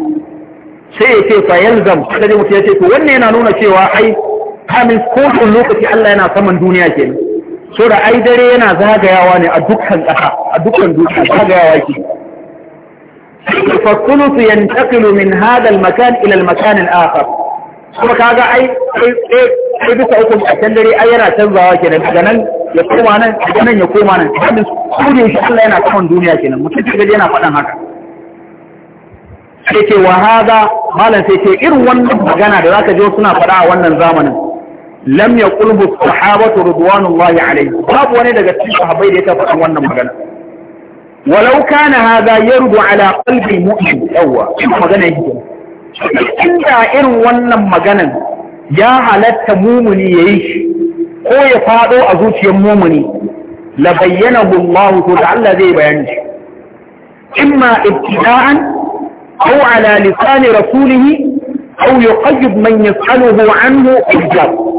sai ya ce fa yalzam sai dai mutum ya ce to wannan yana nuna cewa ai kamin kodin lokaci Allah yana saman duniya ke so da ai dare yana zagayawa ne a dukkan ƙasa a dukkan duniya zagayawa ke fasulu su yantakilu min hadal makan ilal makanin akhar kuma kaga ai ai bisa uku a can dare ai yana canzawa kenan daga nan ya koma nan daga nan ya koma nan kamin kodin shi Allah yana saman duniya kenan mutum kaga yana faɗan haka sai ce wa hada malam sai ce irin wannan magana da zaka je suna faɗa a wannan zamanin لم يقلب الصحابة رضوان الله عليه باب وانا لقد تلك حبيل يتفعل وانا مغانا ولو كان هذا يرد على قلب المؤمن أوى انا مغانا يجب إذا إن وانا مغانا يا هلت مومني يعيش هو يفادو أزوت يمومني لبينه الله تعالى ذي بيانش إما ابتداء أو على لسان رسوله أو يقيد من يسأله عنه إجابه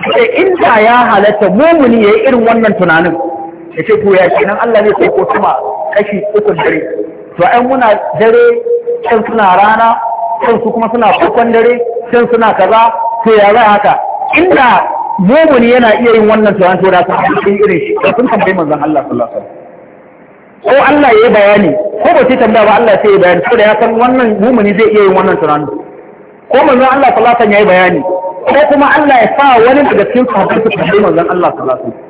sai inda ya halatta mumuni ya yi irin wannan tunanin ya ce to ya nan Allah ne sai ko kuma kashi ukun dare to ai muna dare can suna rana can su kuma suna farkon dare can suna kaza to ya ga haka inda mumuni yana iya yin wannan tunanin to da ta haɗu irin shi to sun tambayi manzon Allah sallallahu alaihi wasallam ko Allah ya yi bayani ko ba sai tambaya ba Allah sai ya bayani saboda ya san wannan mumuni zai iya yin wannan tunanin ko manzon Allah sallallahu alaihi wasallam ya yi bayani ko kuma Allah ya sa wani daga cikin sahabbai su kalli manzon Allah sallallahu alaihi wasallam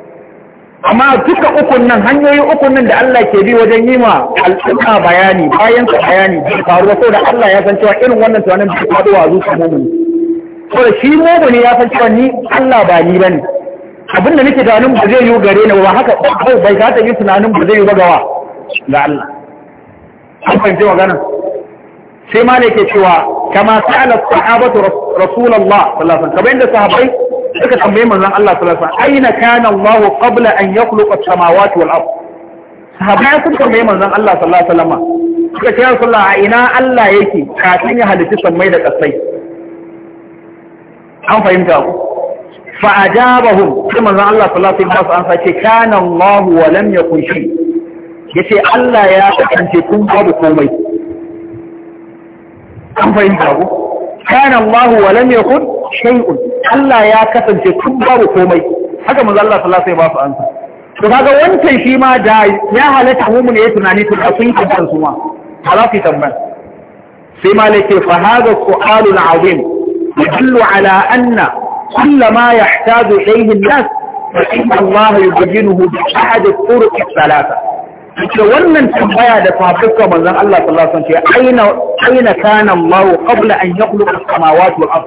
amma duka ukun nan hanyoyi ukun nan da Allah ke bi wajen yi ma al'umma bayani bayan ka bayani bai faru saboda Allah ya san cewa irin wannan tunanin bai faɗo wa zuciya mumuni saboda shi mumuni ya san cewa ni Allah ba ni bane abin da nake tunanin ba zai yi gare ni ba haka bai bai za ta yi tunanin ba zai yi ba gawa ga Allah an fahimci magana sai ma ne ke cewa kama sa'ala sahabatu rasulullah sallallahu alaihi wasallam kamar inda sahabbai suka tambaye manzon Allah sallallahu alaihi wasallam aina kana Allah qabla an yakhluqa as-samawati wal ard sahabbai sun tambaye manzon Allah sallallahu alaihi wasallam suka ce rasulullah a ina Allah yake kafin ya halitta sammai da kasai an fahimta ku fa ajabahum sai manzon Allah sallallahu alaihi wasallam an sace kana Allah wa lam yakun shay yace Allah ya kasance kun babu komai an fahimta ku kana Allahu wa lam yakun shay'un Allah ya kasance tun babu komai haka manzo Allah sallallahu alaihi wasallam ba su ansa to kaga wancan shi ma da ya halatta mu ne ya tunani tun sun yi kan su ma ala fi tamban sai malike fa hada su'alun azim yadullu ala anna kull ma yahtaju ilayhi an-nas fa inna Allah yubayyinuhu bi ahad al-turuq ath-thalatha da wannan tambaya da fafuka manzon Allah sallallahu alaihi wasallam aina aina kana Allah qabla an yakhluqa as-samawati wal ard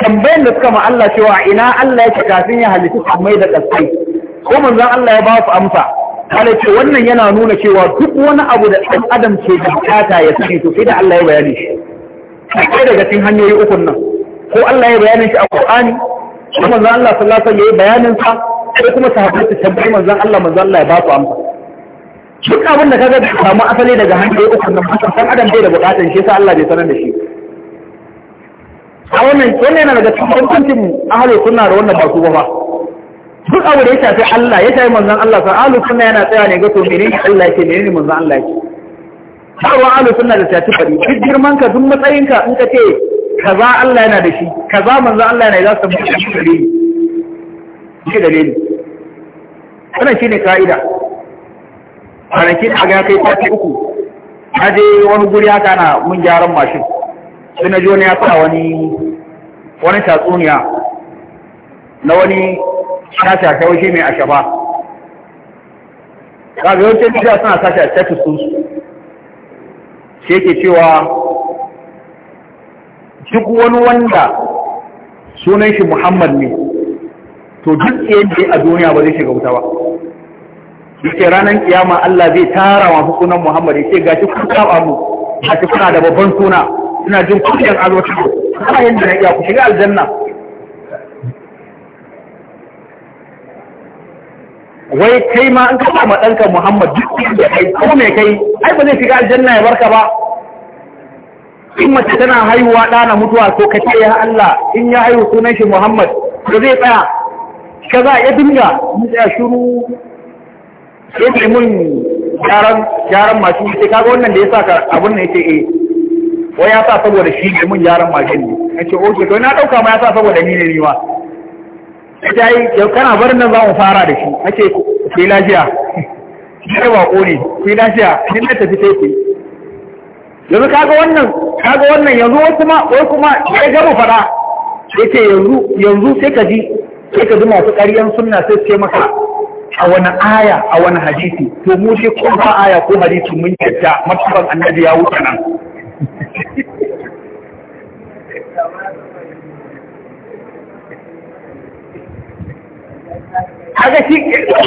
tambayar da suka ma Allah cewa ina Allah ya ce kafin ya halitta samai da ƙasai? ko manzon Allah ya ba su amsa kala ce wannan yana nuna cewa duk wani abu da ɗan adam ke bukata ya sani to sai da Allah ya bayani shi sai daga cikin hanyoyi uku nan ko Allah ya bayani shi a Qur'ani ko manzon Allah sallallahu alaihi wasallam ya bayanin sa ko kuma sahabbai su tambayi manzon Allah manzon Allah ya ba su amsa shi abin da kaga samu asali daga hankali uku nan san adam bai da bukatan shi sa Allah bai sanar da shi a wannan wannan yana daga cikin tantin ahlus sunna da wannan ba su ba duk abu da ya shafi Allah ya shafi manzon Allah sa ahlus sunna yana tsaya ne ga to menene Allah yake menene manzon Allah yake Sarwa ahlus sunna da shafi fari duk girman ka duk matsayin ka in ka ce kaza Allah yana da shi kaza manzon Allah yana da shi za su mutu shi dalili wannan shine ka'ida kwanaki a ga kai sati uku na je wani guri haka na mun gyaran mashin sai na jo ya sa wani wani tatsuniya na wani sashi a kawai mai ashaba ga yawancin jiya suna sashi a status sun su shi yake cewa duk wani wanda sunan shi muhammad ne to duk yadda a duniya ba zai shiga wuta ba yake ranar kiyama Allah zai tara wa hukunan Muhammad ga shi kuka ba mu gashi kuna da babban suna suna jin kuɗin azwata kuma yanda na iya ku shiga aljanna wai kai ma an kama ma ɗanka Muhammad duk da kai ko me kai ai ba zai shiga aljanna ya barka ba in mace tana haihuwa ɗana mutuwa ko ka ce ya Allah in ya haihu sunan shi Muhammad Ba zai tsaya kaza ya dinga mu tsaya shiru sai kai mun gyaran mashin kaga wannan da ya sa ka abun nan ce eh wai ya sa saboda shi ne mun gyaran mashin ne ce okay to na ɗauka ma ya sa saboda ni ne ni ya ce yi yau kana barin nan za mu fara da shi ake ke lafiya shi [laughs] bako ne ke lafiya shi ne tafi sai yanzu kaga wannan kaga wannan yanzu wai kuma wai kuma ya gama fada Ya yanzu yanzu sai ka ji sai ka ji masu ƙaryan sunna sai ce maka a wani aya a wani hadisi to mu shi ko ba aya ko hadisi mun yadda matsaban annabi ya wuce nan haka shi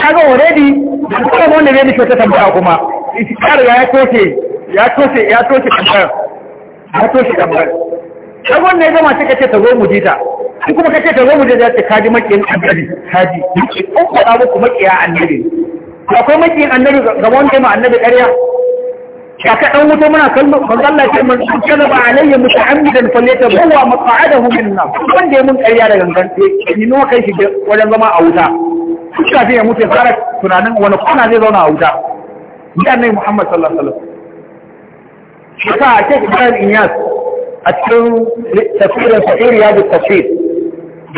kaga already da kuma wanda zai nake ta tambaya kuma iskar ya toshe ya toshe ya toshe tambayar ya toshe tambayar kaga wannan ya zama sai kace ta zo mu ji ta shi kuma kace ta zo mu je zai kaji makiyin annabi kaji kun faɗa muku makiya annabi to akwai makiyin annabi ga wanda ma annabi ƙarya ka ka dan wuta muna kalmar manzo Allah ce man kana ba alayya muta'ammidan falyata huwa maq'adahu min nar wanda mun ƙarya da gangan ni nawa kai shi wajen zama a wuta kuka fiye mutu ya fara tunanin wani kuna zai zauna a wuta ni annabi Muhammad sallallahu alaihi wasallam shi ka ce Ibrahim Inyas a cikin tafsirin Sahih Riyadus Tafsir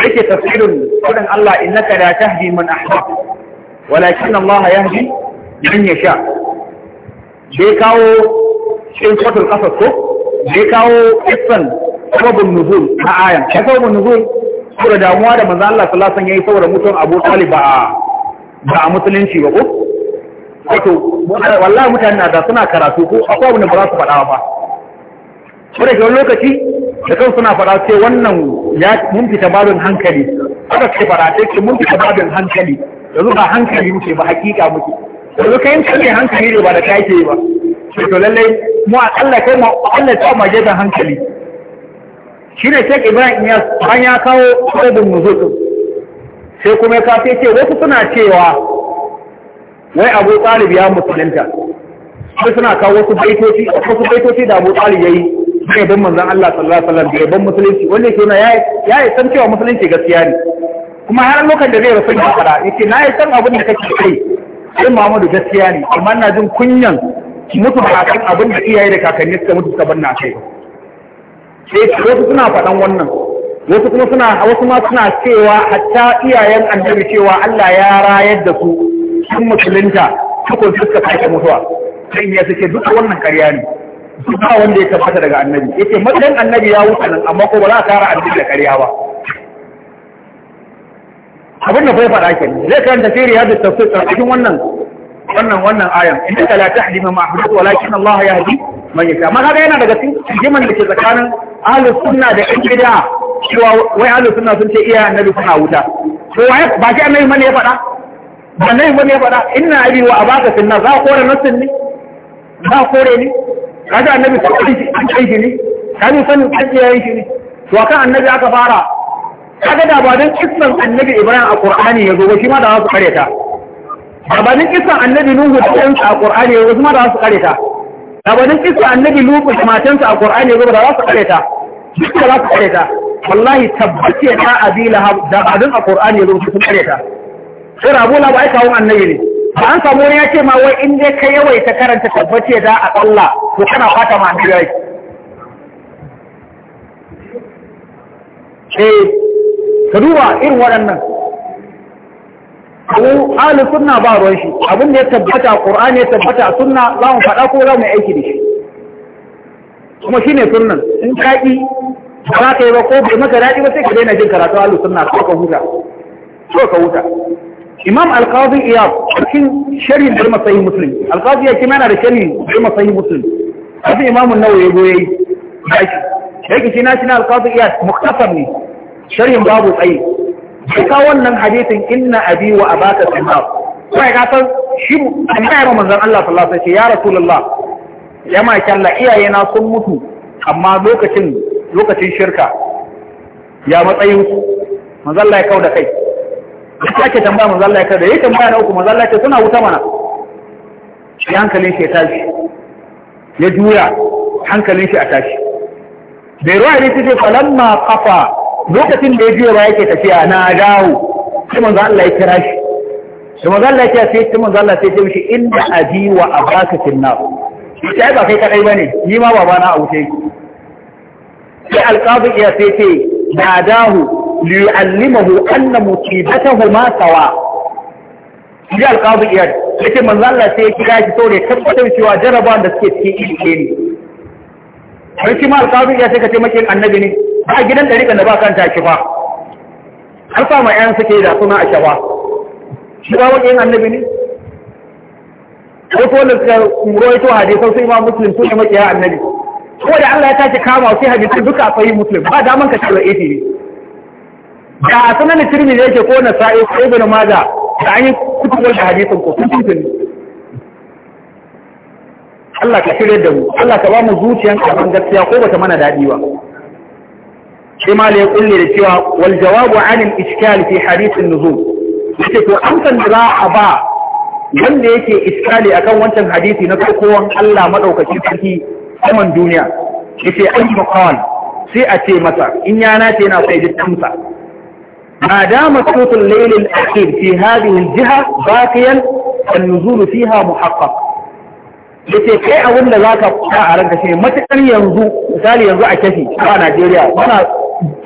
yake tafsirin faɗin Allah innaka la tahdi man ahbab walakin Allah yahdi man yasha bai kawo cikin fatul qasas ko bai kawo isan sababun nuzul a ayan ta sababun nuzul saboda damuwa da manzo Allah sallallahu alaihi wasallam yayi saboda mutum Abu Talib ba ba a musulunci ba ko wato wallahi mutane na da suna karatu ko akwai wani ba za su faɗa ba saboda wani lokaci da kan suna fara ce wannan ya mun fita babin hankali aka ce fara ce mun fita babin hankali yanzu ba hankali muke ba hakika muke yanzu kai kai hankali ne ba da kai ba, sai to lallai mu akalla kai mu akalla ta maje da hankali shi ne Sheikh Ibrahim ya an ya kawo sabon nuzul sai kuma ya kafe ce wasu suna cewa wai Abu Talib ya musulunta sai suna kawo wasu baitoci wasu baitoci da Abu Talib yayi zai ban manzon Allah sallallahu alaihi wasallam bai ban musulunci wanda yake ya ya san cewa musulunci gaskiya ne kuma har lokacin da zai rasu ya fara yace na yi san abin da kake kai sai Muhammadu gaskiya ne amma na jin kunyan mutu ba kan abin da iyaye da kakanni suka mutu suka na kai sai wasu suna faɗan wannan wasu kuma suna wasu ma suna cewa hatta iyayen annabi cewa Allah ya rayar da su sun musulunta tukun suka kai mutuwa sai ya suke duka wannan karya ne ba wanda ya tabbata daga annabi yake matsayin annabi ya wuce nan amma ko ba za a tara addini da ƙarya ba abin da bai faɗa kenan zai karanta fi riyadu tafsir cikin wannan wannan wannan ayan ka la tahdi ma mahduth walakin Allah yahdi man yasha amma kaga yana daga cikin jiman da ke tsakanin ahlus sunna da ɗan cewa wai ahlus sunna sun ce iya annabi kuna wuta to wai ba shi annabi mane ya faɗa ba annabi mane ya faɗa inna abi wa abaka sunna za ko da nasin Za za kore ni? kaga annabi ta kai shi ne kaji sanin tsakiyayen shi ne to akan annabi aka fara kaga da ba don kissan annabi ibrahim a qur'ani yazo ba shi ma da wasu su kare ta da ba don kissan annabi nuhu da ɗansa a qur'ani yazo shi ma da wasu su kare ta da ba don kissan annabi lutu da matansa a qur'ani yazo ba da wasu su kare ta duk da wasu su kare ta wallahi tabbace ta abi lahab da ba don a qur'ani yazo shi sun kare ta sai rabu la ba ai kawun annabi ne an samu wani ya ce ma wai in dai ka ta karanta tabbace za a tsalla to kana fata ma an rai eh ka duba irin waɗannan abu ahli sunna ba ruwan shi abin da ya tabbata qur'ani ya tabbata sunna za mu faɗa ko za mu aiki da shi kuma shine sunnan in ka yi ba za ka yi ba ko bai maka daɗi ba sai ka daina jin karatu ahli sunna ko ka huta ko ka huta imam alkazi iya cikin sharhin da masayin musulun alkazi ya kima yana da sharhin da masayin musulun kasu imamun nawa ya goye da yake shi na shi na alkazi iya muktasar ne sharhin babu tsaye sai ka wannan hadisin inna abi wa abaka sanar sai ka san shi an yi ma manzon Allah sallallahu alaihi wasallam ya rasulullah ya ma kalla iyaye na sun mutu amma lokacin lokacin shirka ya matsayin manzon Allah ya kauda kai ya ake tambaya manzo Allah ya kada yayi tambaya na uku manzo Allah ya ce suna wuta mana shi hankalin shi ya tashi ya juya hankalin shi a tashi bai ruwa ne ce falamma kafa lokacin da ya juya ba yake tafiya na dawo sai manzo Allah ya kira shi sai manzo Allah ya ce sai manzo Allah sai ya ce inda abi wa abaka tinnar shi ai ba kai kadai bane ni ma babana a wuce sai alqabi ya ce ce na dawo liyallimahu anna musibatahu ma sawa ji alqabi iyad yake manzo Allah sai ya kira shi to ne tabbatar cewa jarabawan da suke cikin ilimi ne har shi ma alqabi iyad sai ka ce makin annabi ne ba gidan dariƙa da ba kan taki ba. har sa ma yan suke da suna ashaba shi ba wajen annabi ne ko to da to hadisan sai ma muslim su ne makiya annabi ko da Allah ya tashi kama sai hadisan duka a fahimin muslim ba daman ka tsara ne da a sanar da yake ko na sa'i ko ibn maza da an yi kutubul hadisin ko kutubul Allah ka shirye da mu Allah ka ba mu zuciyan karban gaskiya ko bata mana dadi ba sai ma ya kulle da cewa wal jawabu an al iskal fi hadith an nuzul yake to amsan da za a ba wanda yake iskali akan wancan hadisi na farkon Allah madaukakin sarki saman duniya yace ayyukan sai a ce masa in yana ce yana sai da tamsa ما دام صوت الليل الأخير في هذه الجهة باقيا النزول فيها محقق لتكي أولا ذاك أبقى عرق شيء متى أن ينزو مثال ينزو عكسي أنا جيريا أنا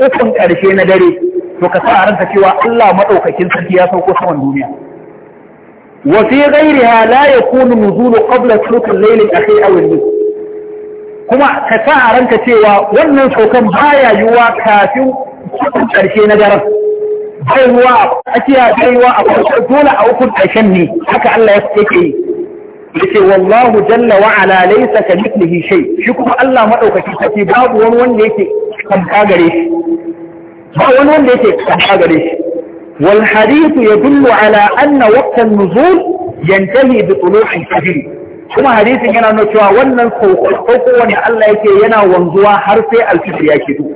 أكون أرشينا داري وكسا عرق شيء الله متوقع كنسا كي يسوق سوى الدنيا وفي غيرها لا يكون النزول قبل صوت الليل الأخير أو النزول kuma ka sa a ranka cewa wannan saukan baya yiwuwa kafin cikin ƙarshe baiwa a tsakiya baiwa a farko dole a hukun ƙarshen ne haka Allah yake yi yace wallahu jalla wa ala laysa ka mithlihi shay shi kuma Allah madaukaki sai babu wani wanda yake kamfa gare shi ba wani wanda yake kamfa gare shi wal hadith yadullu ala anna waqtan nuzul yantahi bi tulu'i fajr kuma hadisin yana nuna cewa wannan sauko wani Allah yake yana wanzuwa har sai alfijir ya kido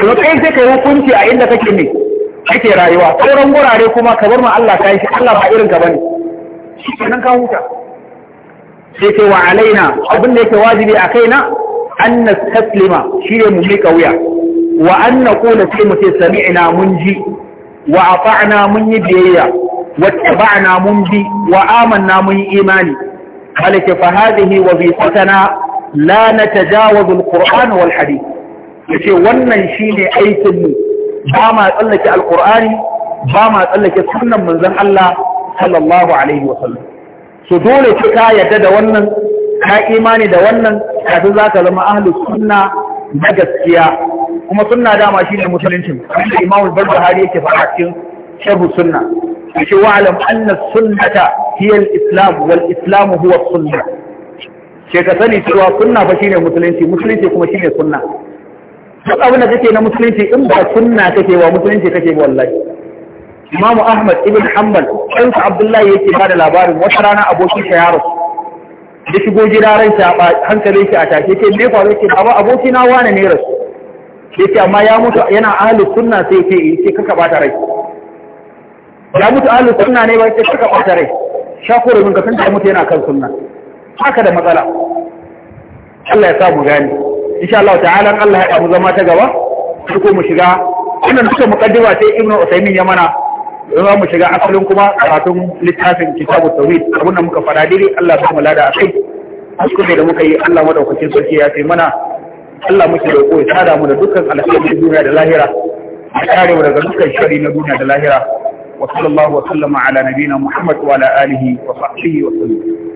to kai sai kai hukunci a inda kake ne ake rayuwa sauran gurare kuma ka bar ma Allah ka yi shi Allah ba irin ka bane shi kenan ka huta sai ce wa alaina abin da yake wajibi a kaina an nastaslima shi ne mu mika wuya wa an naqula sai mu ce sami'na mun ji wa ata'na mun yi biyayya wa tabana mun bi wa amanna mun yi imani malaka fa hadhihi wazifatana la natajawazu alquran wal hadith yace wannan shine aikin mu ba ma tsallake alkur'ani ba ma tsallake sunan manzon Allah sallallahu alaihi wasallam so dole ki ka yadda da wannan ka imani da wannan kafin za ka zama ahli sunna na gaskiya kuma sunna dama shine musulunci wanda Imam Barbahari yake faɗa cikin Sharh Sunna yace wa alam anna sunnata hiya al-islam wal islam huwa as-sunnah sai ka sani cewa sunna fa shine musulunci musulunci kuma shine sunna duk abin da kake na musulunci in ba sunna kake wa musulunci kake wallahi imamu ahmad ibn hanbal ɗansa abdullahi yake ba da labarin wata rana abokin sa ya rasu da shigo gida ran ba hankalin shi a take ce me faru yake ba aboki na wane ne rasu yake amma ya mutu yana ahli sunna sai yake yake kaka bata rai ya mutu ahli sunna ne ba yake kaka bata rai shakuru mun ka san da mutu yana kan sunna haka da matsala Allah ya sa mu gani insha Allah ta'ala Allah ya abu zama ta gaba sai ko mu shiga wannan duka mukaddima sai ibnu Usaymin ya mana za mu shiga asalin kuma karatun littafin kitabu tauhid abin da muka fara dire Allah ba mu lada akai kuskure da muka yi Allah madaukakin sarki ya sai mana Allah muke roƙo ya tsara mu da dukkan alheri duniya da lahira ya kare mu daga dukkan shari na duniya da lahira wa sallallahu wa sallama ala nabiyina Muhammad wa ala alihi wa sahbihi wa sallam